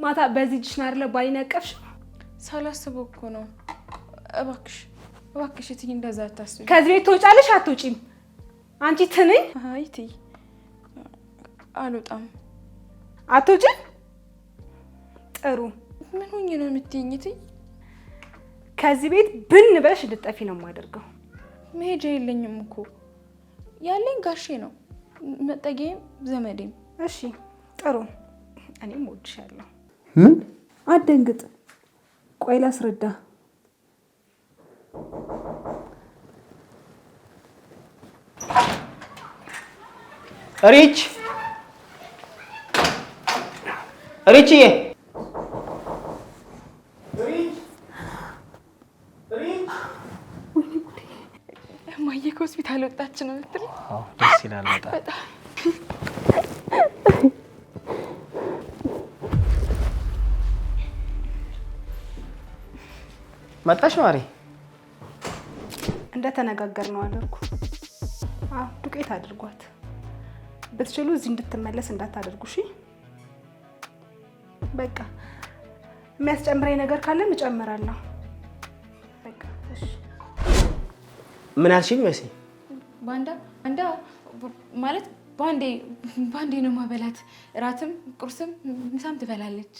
ማታ በዚህ እጅሽን አይደለ ባሌን ያቀፍሽ? ሳላስበው እኮ ነው። እባክሽ እባክሽ እትዬ እንደዛ አታስቢ። ከዚህ ቤት ትወጫለሽ አትወጪም? አንቺ ትንኝ። አይ እትዬ አልወጣም። አትወጪም? ጥሩ። ምን ሆኜ ነው የምትይኝ እትዬ? ከዚህ ቤት ብን ብለሽ እንድጠፊ ነው የማደርገው። መሄጃ የለኝም እኮ ያለኝ ጋሼ ነው፣ መጠጌም ዘመዴም። እሺ ጥሩ። እኔም እወድሻለሁ። ምን? አትደንግጥ። ቆይ ላስረዳ። ሪች ሪችዬ፣ ማየ ከሆስፒታል ወጣች ነው የምትለኝ። ደስ ይላል በጣም መጣሽ ማሪ? እንደተነጋገር ነው አደርኩ። ዱቄት አድርጓት። ብትችሉ እዚህ እንድትመለስ እንዳታደርጉ እሺ። በቃ የሚያስጨምረኝ ነገር ካለም እጨምራለሁ። በቃ እሺ። ምን አልሽኝ መሲ? ባንዳ ባንዳ ማለት ባንዴ ባንዴ ነው ማበላት። እራትም ቁርስም ምሳም ትበላለች።